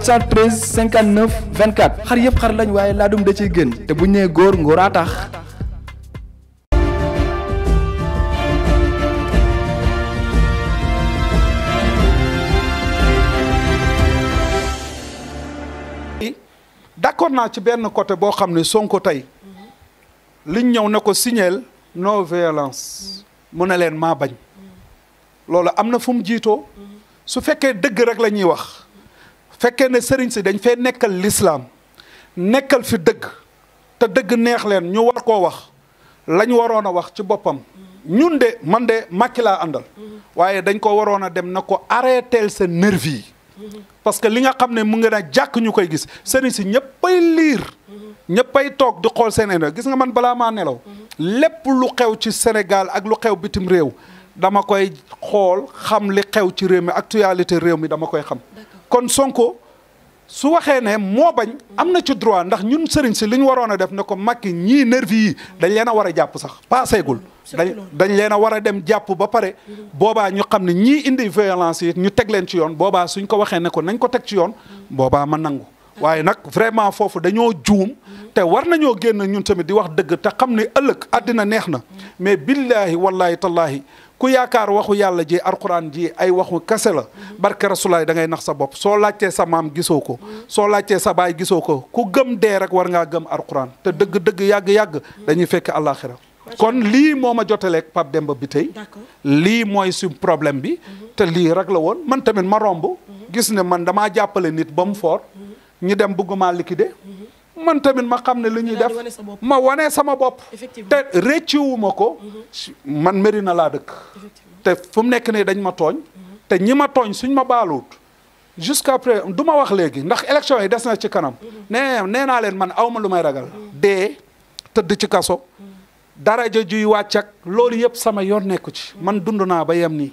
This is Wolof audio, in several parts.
413 59 24 xar yëpp xar lañ waaye laadum da ciy gën te bu ñu nee góor ngóoraa tax. d'accord naa ci benn côté boo xam ne Sonko tey liñ ñëw na ko signeel non violence mu ne leen ma bañ loolu am na fu mu jiitoo su fekkee dëgg rek lañuy wax. fekkee ne sëriñ si dañ fee nekkal lislaam nekkal fi dëgg te dëgg neex leen ñu war koo wax lañ waroon a wax ci boppam ñun de man de Macky laa àndal waaye dañ ko waroon a dem na ko arrêteel sa nervi yi parce que li nga xam ne mu ngi a jàkk ñu koy gis sëriñ si ñëppay liir ñëppay toog di xool seen énergie gis nga man balaa maa nelaw lépp lu xew ci Sénégal ak lu xew bitim réew dama koy xool xam li xew ci réew mi actualité réew mi dama koy xam kon Sonko su waxee ne moo bañ am na ci droit ndax ñun sëriñ si li ñu waroon a def ne ko Macky ñii nervi yi dañ leen a war a jàpp sax passeegul dañ dañ leen a war a dem jàpp ba pare boobaa ñu xam ne ñii indi violence yi ñu teg leen ci yoon boobaa suñ ko waxee ne ko nañ ko teg ci yoon boobaa ma nangu waaye nag vraiment foofu dañoo juum te war nañoo génn ñun tamit di wax dëgg te xam ne ëllëg àddina neex na mais billaahi wallaahi tallaahi ku yaakaar waxu yàlla ji alquran ji ay waxu kese la barke rasulaay dangay nax sa bopp soo laajtee sa maam gisoo ko soo laajtee sa baay gisoo ko ku gëm dee rek war ngaa gëm alquran te dëgg dëgg yàgg yàgg dañuy fekk àllaaxira kon lii moo ma jotaleeg Pape Demba bi tey lii mooy suñu problème bi te lii rek la woon man tamit ma romb gis ne man damaa jàppale nit ba mu foor ñi dem bëgguma liquider mhm. man tamit ma xam ne li ñuy def ma wane sama bopp te récciwuma ko mhm. man Médina laa dëkk te fu mu nekk nii dañ ma tooñ mhm. te ñi ma tooñ suñ ma baaluut jusqu'à après du ma wax léegi ndax élection yi des na ci kanam nee nee naa leen man awma lu may ragal dee tëdd ci kaso daraja juy wàcc loolu yëpp sama yoon nekku ci man dund naa ba yem nii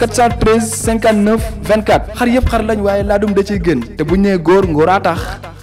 413 59 24 xar yëpp xar lañ waaye laa dum da ciy gën te bu ñu góor ngóoraa tax